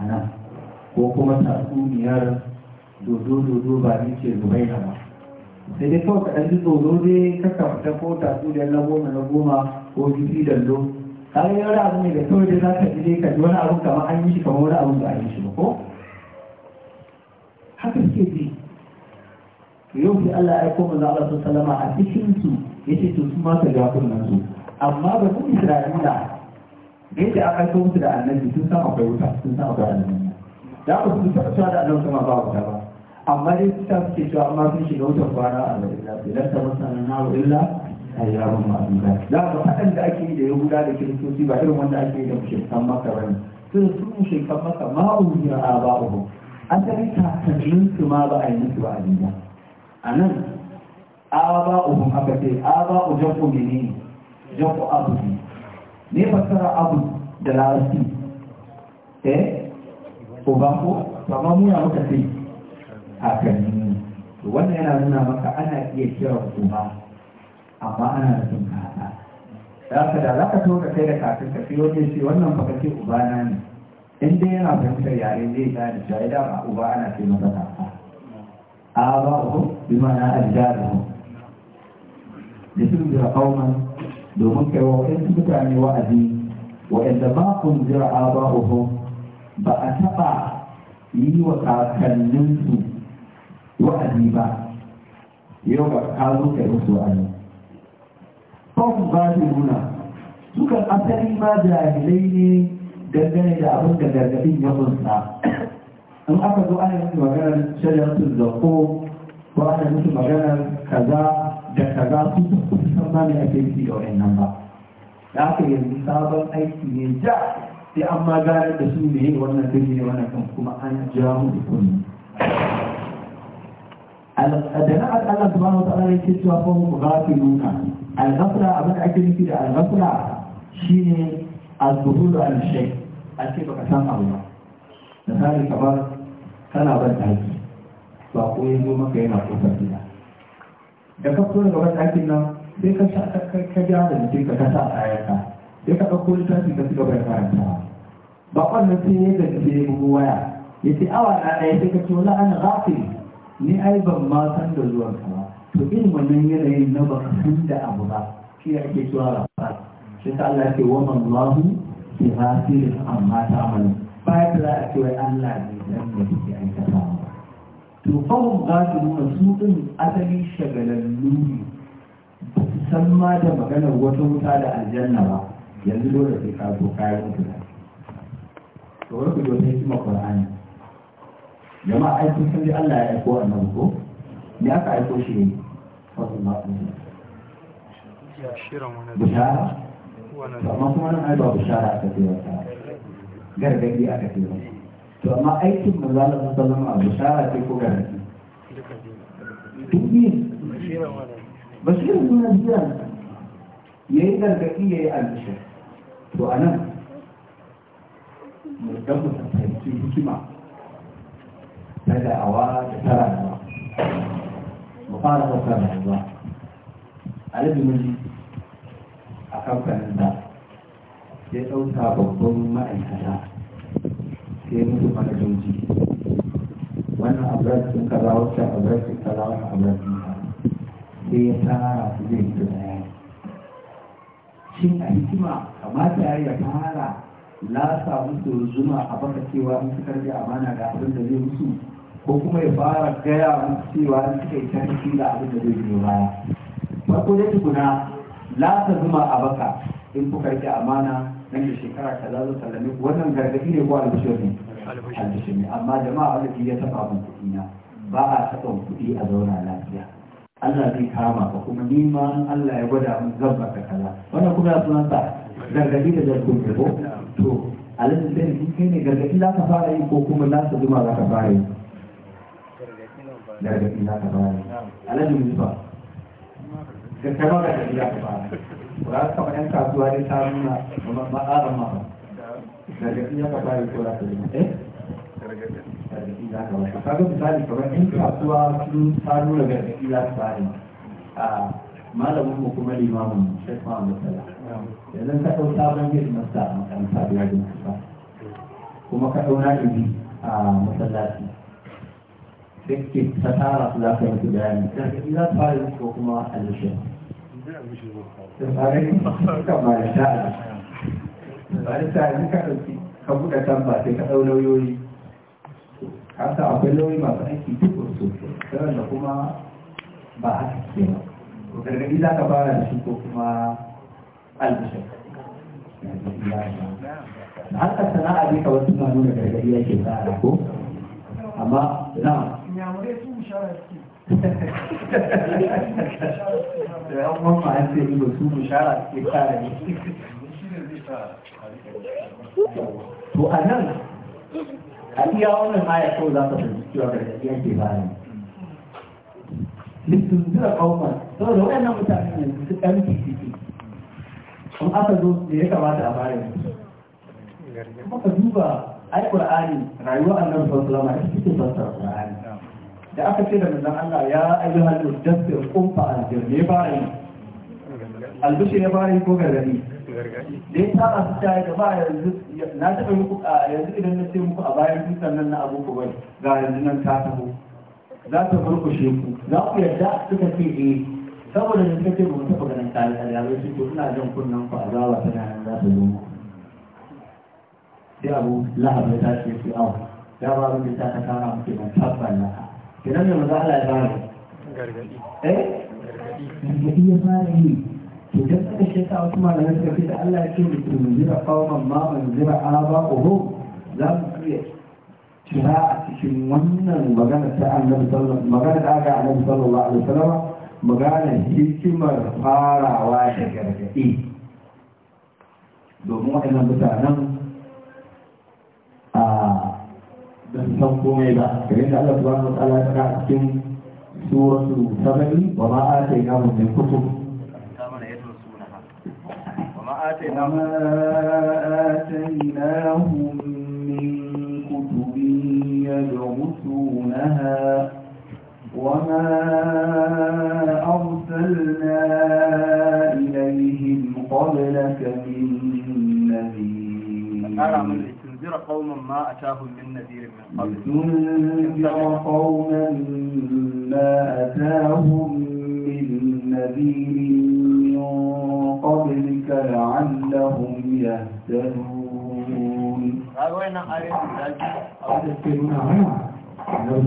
ana ko kuma tatsuniyar dodo dodo ba ni ce zubaina ba sai dai kawai kaɗan ji tsoro dai kaka fita ko tatsuniyar na goma na goma ko jiki dallo kaga wani abu ne da kawai da za ka ji ka wani abu kamar an yi shi kamar wani abu da an yi shi ba ko haka suke ji yau sai Allah ya aiko manzo Allah sallama a cikin su yace to su ma ta ga kunnan su amma ba su Isra'ila da yake aka aiko musu da annabi sun san akwai wuta sun san akwai annabi da aka sun taɓa cewa da annabi kuma ba wuta ba amma dai su ta suke cewa amma sun shiga wutar kwana a Madina sai ta masana na illa a yi rabin ma'amura za su haɗan da ake yi da yahuda da kiristoci ba irin wanda ake yi da mushrikan maka ba ne sun su mushrikan maka ma'amura ba ba'uhu an ta yi kakannin su ma ba a yi musu ba a duniya a nan aba'uhum aka ce a ba aba'u jafu menene jafu abu ne ne fasara abu da larabci eh uba ko amma mu ya muka ce kakanni wannan yana nuna maka ana iya kiran uba amma ana da sun kata da ka da za ka to ka kai da kafin ka fiyo ne shi wannan ce Uba na ne in dai yana fahimtar yare zai da cewa da ba uba ana ce masa kaka a ba uku bi ma'ana ajdaduhu da su jira kauman domin kai wa waɗansu mutane wa'azi waɗanda ba kun jira a ba uku ba a taɓa yi wa kakanninsu wa'azi ba yau ba ka zo kai musu wa'azi kofin ba su nuna sukan asali ma jahilai ne dangane da abin da gargadin ya kunsa in aka zo ana musu maganar shajar su zako ko ana musu maganar kaza da kaza su san ma ne ake fi da wayannan ba da aka yanzu sabon aiki ne ja sai an ma da su ne wannan birni ne wannan kuma an ja mu da kunni da na Allah subhanahu wa ta'ala yake cewa fa hum ghafiluna al-ghafla abin da ake nufi da al-ghafla shine az-zuhur al-shay a ce baka san abu ba misali kamar kana ban taki ba ko ya zo maka yana kofar gida da ka fito daga ban takin nan sai ka sha ka ja da mutum ka kasa a ayyuka sai ka ɗauko littafi ka ci gaba da karantawa ba wannan sai ya yi gaske waya ya ce awa na ɗaya sai ka ce wala an ghafil ni ai ban ma san da zuwan ka ba to irin wannan yanayin na ba san da abu ba shi ake cewa ba shi ta Allah ke wa Allahu fi hasir amma ta amana ba ya za a cewa Allah ne dan ne ke aikata ba to fahim gasu su din asali shagalan nuni san ma da maganar wata wuta da aljanna ba yanzu dole sai ka zo kayan da to wani ku dole sai kuma Qur'ani jama'a ai kun san Allah ya aiko nan ko me aka aiko shi ne sallallahu alaihi ne. bishara amma kuma nan ai ba bishara aka ce wata gargadi aka ce wata to amma aikin mu Allah sallallahu alaihi wasallam bishara ce ko gargadi bashirin suna jiya ya yi gargaɗi ya yi albishir to a nan mu dan mu fahimci hikima Na da awa da tara da ba, mu fara ɗaukar rayuwa alibimin a kamfanin da ya ɗauka babban ma'aikata sai mutu manajoji wannan abrar sun kaza wancan abrar sun kaza wannan abrar sun kaza sai ya tara su zai fito da shin a hikima kamata ya ya fara lasa musu zuma a baka cewa in su karbi amana ga abin da zai musu ko kuma ya fara gaya mun cewa suka yi tarihi da abin da zai biyo baya farko dai tukuna la ta zuma a baka in kuka yi amana nan da shekara ta zo sallame ku wannan gargaɗi ne ko albishir ne albishir ne amma jama'a wanda ya taɓa mun kuɗi na ba a taɓa kuɗi a zauna lafiya Allah zai kama ka kuma ni ma Allah ya gwada mun zan baka kaza wannan kuma sunan sa gargaɗi da zargin ko to alhaji in kai ne gargaɗi za ka fara yi ko kuma za ka zuma za ka fara yi daga cikin haka ba ne alhaji musufa da kama da tafiya ka ba ba kama yan kasuwa dai ta nuna ma'aran ma ba. daga cikin ka ba ne ko za ka yi eh kaga misali kamar in kasuwa sun tsaro daga gargaɗi za su bari a malamin mu kuma limamin shekwa a matsala yanzu ka ɗau sabon yin masa a makaranta da kuma ka ɗau na ibi a masallaci sai ke ta tara su za ka yi bayani sai za ta fara ko kuma alishin tsakanin kan ba da sha'a ba ka ɗauki ka buɗe sai ka ɗau lauyoyi kasa akwai lauyi masu aiki tukur sosai tsaron da kuma ba haka ke ba za ka fara da shi ko kuma albishir na harkar sana'a ne ka wasu nanu da gargaɗi yake tsara ko amma na da yan mamma an ce su bishara ke ne to a nan a iya aya za cewa ke zira saboda mutane ne su ɗan aka zo da ya kamata a bayan kuma ka duba ai ƙur'ani rayuwa annabi sallallahu alaihi wasallam ita ce da aka ce da manzon Allah ya ayyuhal mudaththir qum fa anzir ne ba ai albishi ne ba ai ko gargadi ya ta masu tare da ba yanzu na taɓa muku yanzu idan na ce muku a bayan dutsen nan na abu ku bai ga yanzu nan ta taho za ta murkushe ku za ku yarda suka ce eh saboda da suka ce ba mu taɓa ganin tare da yaro shi ko suna jan kunnen ku a zawa tana nan za ta zo muku sai abu lahabar ta ce su awa ya ba mu ta ta kama muke ban tabbata kenan da maza Allah ya fara gargadi eh gargadi ya fara yi to dan aka shi ta wasu malamai suka ce da Allah ya ce da ku zira qauman ma man zira aba uhu za mu iya kira a cikin wannan magana ta annabi sallallahu magana da aka annabi sallallahu alaihi wasallam magana hikimar farawa da gargadi domin waɗannan mutanen ban san komai ba kamar da Allah subhanahu wa ta'ala ya faɗa a cikin suratu sabani wa ma atayna hum min kutub وما آتيناهم من كتب يدرسونها وما أرسلنا إليهم قبلك من نذير لتنذر قوما ما أتاهم من نذير من قبل لتنذر قوما ما أتاهم من نذير من قبلك لعلهم يهتدون آية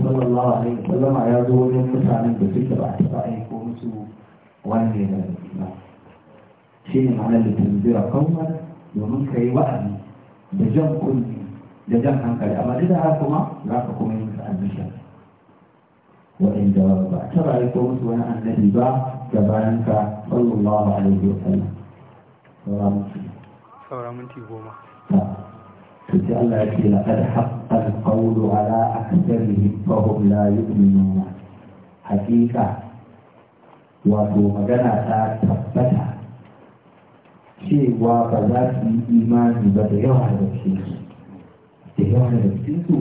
صلى الله عليه وسلم على دول المسلمين بسكر أحسائي كونسوا وأن يدعوا الإسلام شيء معنى لتنذر قوما ومن كي وأني da jan kunni da jan hankali amma duk da haka kuma za ka kuma yi musu admission waɗanda ba ta taɓa ko musu wani annabi ba bayan ka sallallahu alaihi wa sallam saura minti saura minti goma to sai Allah ya ce laqad haqqa al-qawlu ala aktharihim fa hum la yu'minuna haqiqa wato magana ta tabbata cewa ba za su yi imani ba da yawa da cikin su da yawa da cikin su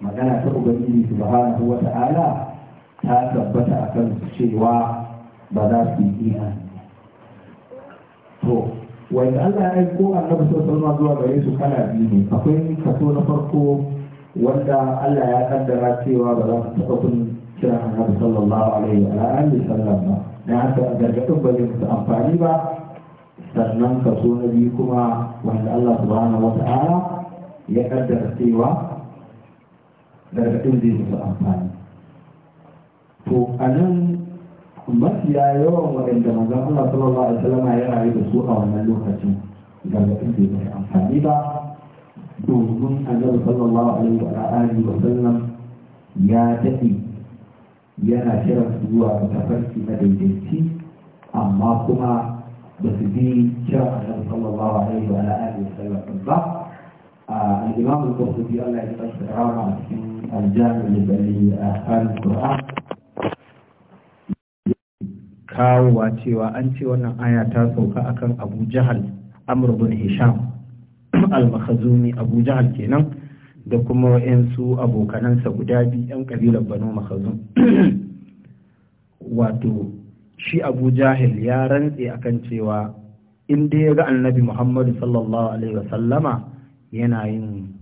magana ta ubangiji subhanahu wa ta'ala ta tabbata a kan su cewa ba za su yi imani to wanda Allah ya ko annabi sallallahu alaihi zuwa gare su kana biyu ne akwai kaso na farko wanda Allah ya kaddara cewa ba za su taɓa kun kira annabi sallallahu alaihi wa alihi sallam ba dan haka gargadin ba zai musu amfani ba sannan kaso na biyu kuma wanda Allah subhanahu wata'ala ya kaddara cewa gargaɗin zai musu amfani to a nan mafiya yawan waɗanda manzon Allah sallallahu alaihi wasallam ya rayu da su a wannan lokacin gargaɗin zai musu amfani ba domin annabi sallallahu alaihi wa alihi wa sallam ya tafi yana kiran zuwa tafarki na daidaiti amma kuma بسبي شرع النبي صلى الله عليه وعلى آله وسلم بالضبط الإمام القرطبي الله يجزاه الرحمة في الجامع لأهل القرآن kawowa cewa an ce wannan aya ta sauka akan abu jahal amr bin hisham al-makhazumi abu jahal kenan da kuma wa'yansu abokanansa guda biyu 'yan kabilar banu makhazum [coughs] wato shi abu jahil ya rantse akan cewa in dai ya ga annabi muhammadu sallallahu alaihi wasallama yana yin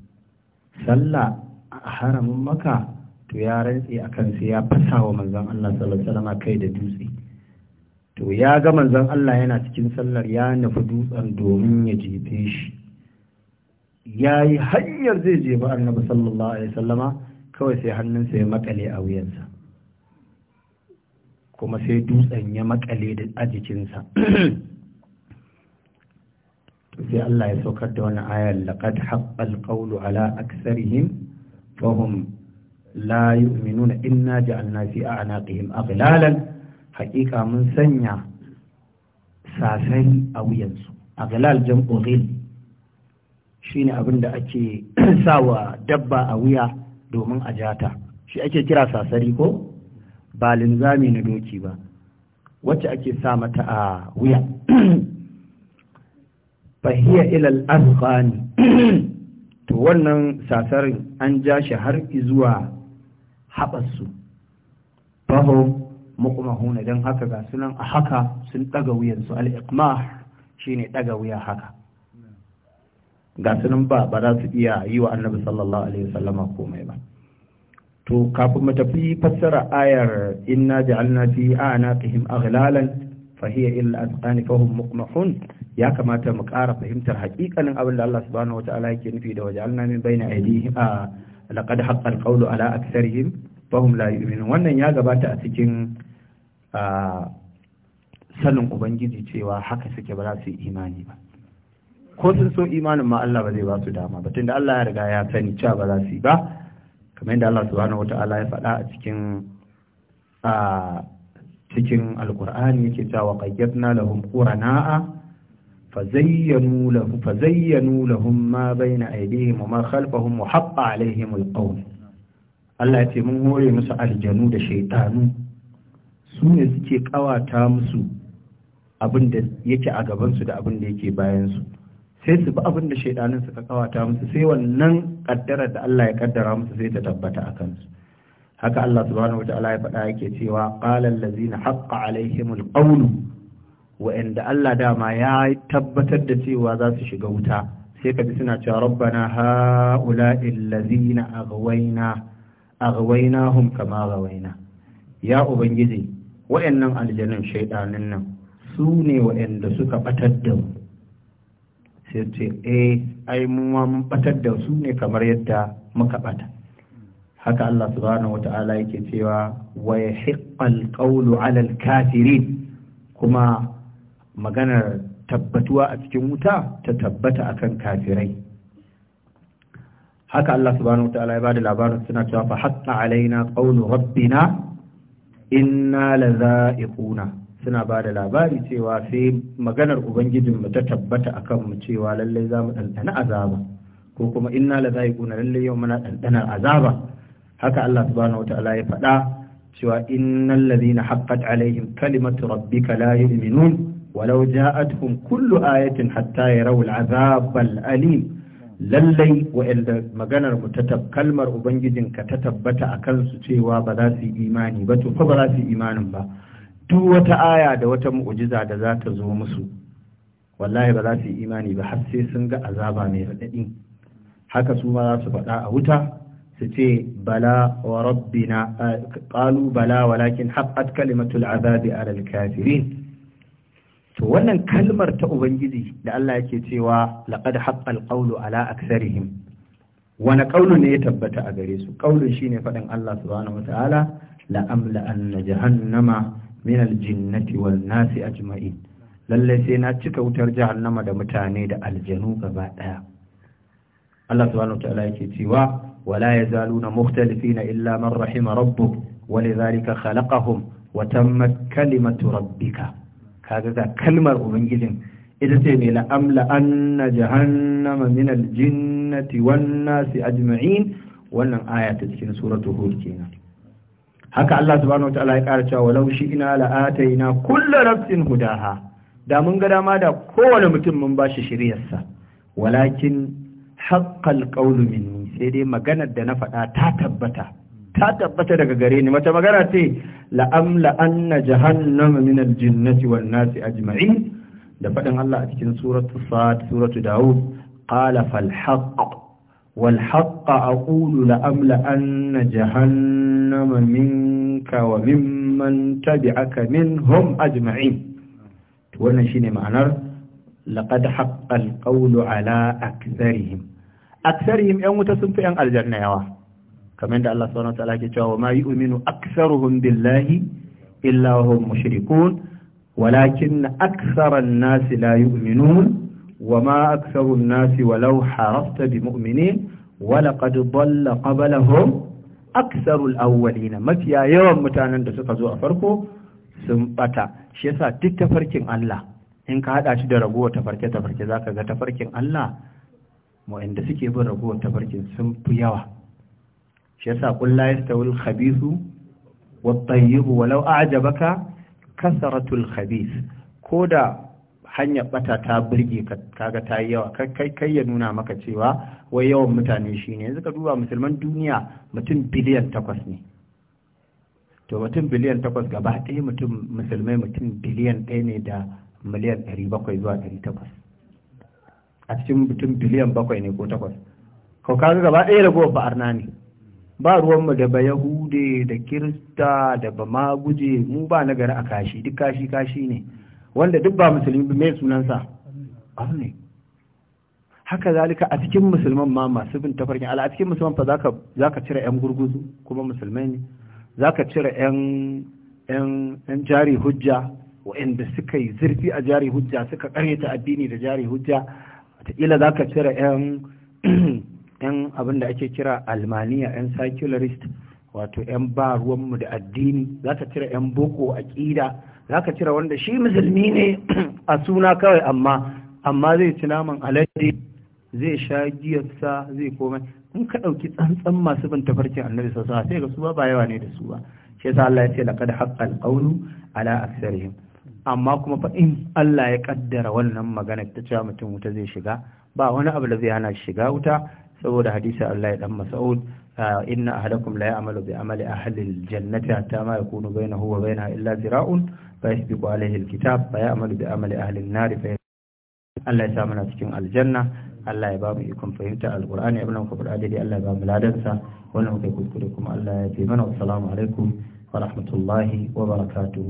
sallah a haramin maka to ya rantse a sai ya fasa wa manzan Allah sallallahu kai da dutse to ya ga manzon Allah yana cikin sallar ya nufi dutsen domin ya jefe shi ya yi hanyar zai jefa annabi sallallahu alaihi wasallama kawai sai hannunsa ya makale a wuyansa kuma sai dutsen ya makale da a jikinsa sai Allah ya saukar da wani ayar laqad haqqal qawlu ala aktharihim fahum la yu'minuna inna ja'alna fi a'naqihim aghlalan haqiqa mun sanya sasai a wuyansu aghlal jam'u ghil shine abin da ake [clears throat] sawa dabba a wuya domin a jata shi ake kira sasari ko ba linzami na doki ba wacce ake sa mata a wuya [clears throat] fahiya ilal azqani [clears throat] to wannan sasarin an ja shi har zuwa haɓarsu faho makumahuna don haka ga sunan a haka sun ɗaga wuyansu al'iqmah shi ne ɗaga wuya haka ga sunan ba ba za su iya yi wa annabi sallallahu alaihi wasallama komai ba to kafin mu tafi fassara ayar inna ja'alna fi a'naqihim aghlalan fa hiya illa al fa hum muqmahun ya kamata mu ƙara fahimtar haƙiƙanin abin da Allah subhanahu wata'ala yake nufi da waja'alna min bayna aydihim a laqad haqqal qawlu ala aktharihim fa hum la yu'minun wannan ya gabata a cikin sanin ubangiji cewa haka suke ba za su imani ba ko sun so imanin ma Allah ba zai ba su dama ba tunda Allah ya riga ya sani cewa ba za su yi ba kamar yadda Allah subhanahu wata'ala ya faɗa a cikin a cikin alkur'ani yake cewa qayyadna lahum qurana'a fazayyanu lahum fazayyanu lahum ma bayna aydihim wa ma khalfahum wa haqqa alaihim alqawl Allah ya ce mun hore musu aljanu da shaytanu su ne suke kawata musu abin da yake a gabansu da abin da yake bayansu sai su bi abin da shaidanin suka kawata musu sai wannan kaddarar da Allah ya kaddara musu sai ta tabbata a kansu haka Allah subhanahu wataala ya faɗa yake cewa qala allazina haqqa alaihimul Wa wa'anda Allah dama ya tabbatar da cewa za su shiga wuta sai ka bi suna cewa rabbana na allazina aghwayna aghwaynahum kama ghawaina ya ubangiji wa'annan aljanun shaidanin nan su ne wa'anda suka batar da mu sai ce eh ai mu ma mun batar da su ne kamar yadda muka bata haka Allah subhanahu wata'ala yake cewa wa yahiqqal qawlu 'ala al-kafirin kuma maganar tabbatuwa a cikin wuta ta tabbata akan kafirai haka Allah subhanahu wata'ala ya bada labarin suna cewa fa hatta alaina qawlu rabbina inna ƙuna. suna ba da labari cewa sai maganar ubangijinmu ta tabbata a kanmu cewa lallai za mu ɗanɗana azaba ko kuma inna la za'iquna lallai yau muna ɗanɗanar azaba haka Allah subhanahu wata'ala ya faɗa cewa innal ladhina haqqat alaihim kalimatu rabbika la yu'minun walau ja'atuhum kullu ayatin hatta yarawul azabal alim lallai wa'anda maganar mu ta kalmar ubangijinka ta tabbata a kansu cewa ba za su imani ba to fa ba za su yi imanin ba duk wata aya da wata mu'ujiza da za ta zo musu wallahi ba za su yi imani ba har sai sun ga azaba mai raɗaɗi haka su ma za su faɗa a wuta su ce bala wa rabbina qalu bala walakin haqqat kalimatul azabi ala al-kafirin to wannan kalmar ta ubangiji da Allah yake cewa laqad haqqal qawlu ala aktharihim wani ƙaulu ne ya tabbata a gare su qawlun shine faɗin Allah subhanahu ta'ala) la amla anna jahannama min aljinnati wal nasi ajma'in lalle sai na cika wutar jahannama da mutane da aljanu gaba daya Allah subhanahu wa ta'ala yake cewa wala yazaluna mukhtalifina illa man rahima rabbuk walidhalika khalaqahum wa tammat kalimatu rabbika kaga ga kalmar ubangijin ita ce ne la'amla anna jahannama min aljinnati wan nasi ajma'in wannan aya ta cikin suratul hud kenan haka Allah subhanahu wataala ya ƙara cewa walau shi ina la'ataina kullu nafsin hudaha da mun ga dama da kowane mutum mun ba shi shiryarsa walakin haqqal qawlu minni sai dai maganar da na faɗa ta tabbata ta tabbata daga gare ni mata magana ce la'amla anna jahannama min aljinnati wan nasi ajma'in da faɗin Allah a cikin suratu sad suratu daud qala fal haqq والحق أقول لأملأن جهنم منك وممن تبعك منهم أجمعين wannan shine ma'anar laqad haqqal qawlu ala aktharihim aktharihim yan wuta sun fi yan aljanna yawa kamar da Allah subhanahu wataala ke cewa ma yu'minu aktharuhum billahi illa hum mushrikun walakin aksaran nasi la yu'minun وما أكثر الناس ولو حرفت بمؤمنين ولقد ضل قبلهم أكثر الأولين ما في يوم متانا دسك زوء فرقه سنبتا شيسا تتفركين الله إنك هذا أشد رقوة تفركة تفركة ذاك تفركين الله وإن دسك يبر رقوة تفركين سنبيوا شيسا قل لا يستوي الخبيث والطيب ولو أعجبك كثرة الخبيث كودا hanyar bata ta birge kaga ta yi yawa kai kai ya nuna maka cewa wai yawan mutane shi ne yanzu ka duba musulman duniya mutum biliyan takwas ne to mutum biliyan takwas gaba ɗaya mutum musulmai mutum biliyan ɗaya ne da miliyan ɗari bakwai zuwa ɗari takwas a cikin mutum biliyan bakwai ne ko takwas ko kaga gaba ɗaya da ba arna ne ba ruwanmu da ba yahude da kirista da ba maguje mu ba nagari a kashi duk kashi kashi ne wanda duk ba musulmi mai sunansa abu ne haka zalika a cikin musulman ma masu bin tafarkin ala a cikin musulman fa za ka cire yan gurguzu kuma musulmai ne za ka cire yan jari hujja waɗanda suka yi zurfi a jari hujja suka karyata addini da jari hujja ila za ka cire [clears throat] yan abin da ake kira almaniya yan secularist wato yan ba ruwanmu da addini za ka cire yan boko ƙida? za ka cire wanda shi musulmi ne a suna kawai amma amma zai ci naman alade zai sha giyarsa zai komai in ka ɗauki tsantsan masu bin tafarkin annabi sa sai ga su ba yawa ne da su ba shi yasa Allah ya ce laqad haqqal qawlu ala aktharihim amma kuma fa in Allah ya kaddara wannan magana ta cewa mutum wuta zai shiga ba wani abu da zai hana shiga wuta saboda hadisi Allah ya dan Mas'ud ah, inna ahadakum la ya'malu bi amali ahli al-jannati hatta ma yakunu bainahu wa bainaha illa zira'un فيسبق عليه الكتاب فيعمل بعمل أهل النار ya الله يسامنا cikin aljanna Allah ya ba mu ikon fahimta alqur'ani ibn kabir adadi Allah ya ba mu ladansa wannan kai kuskure kuma Allah ya fi mana assalamu alaikum wa rahmatullahi wa barakatuh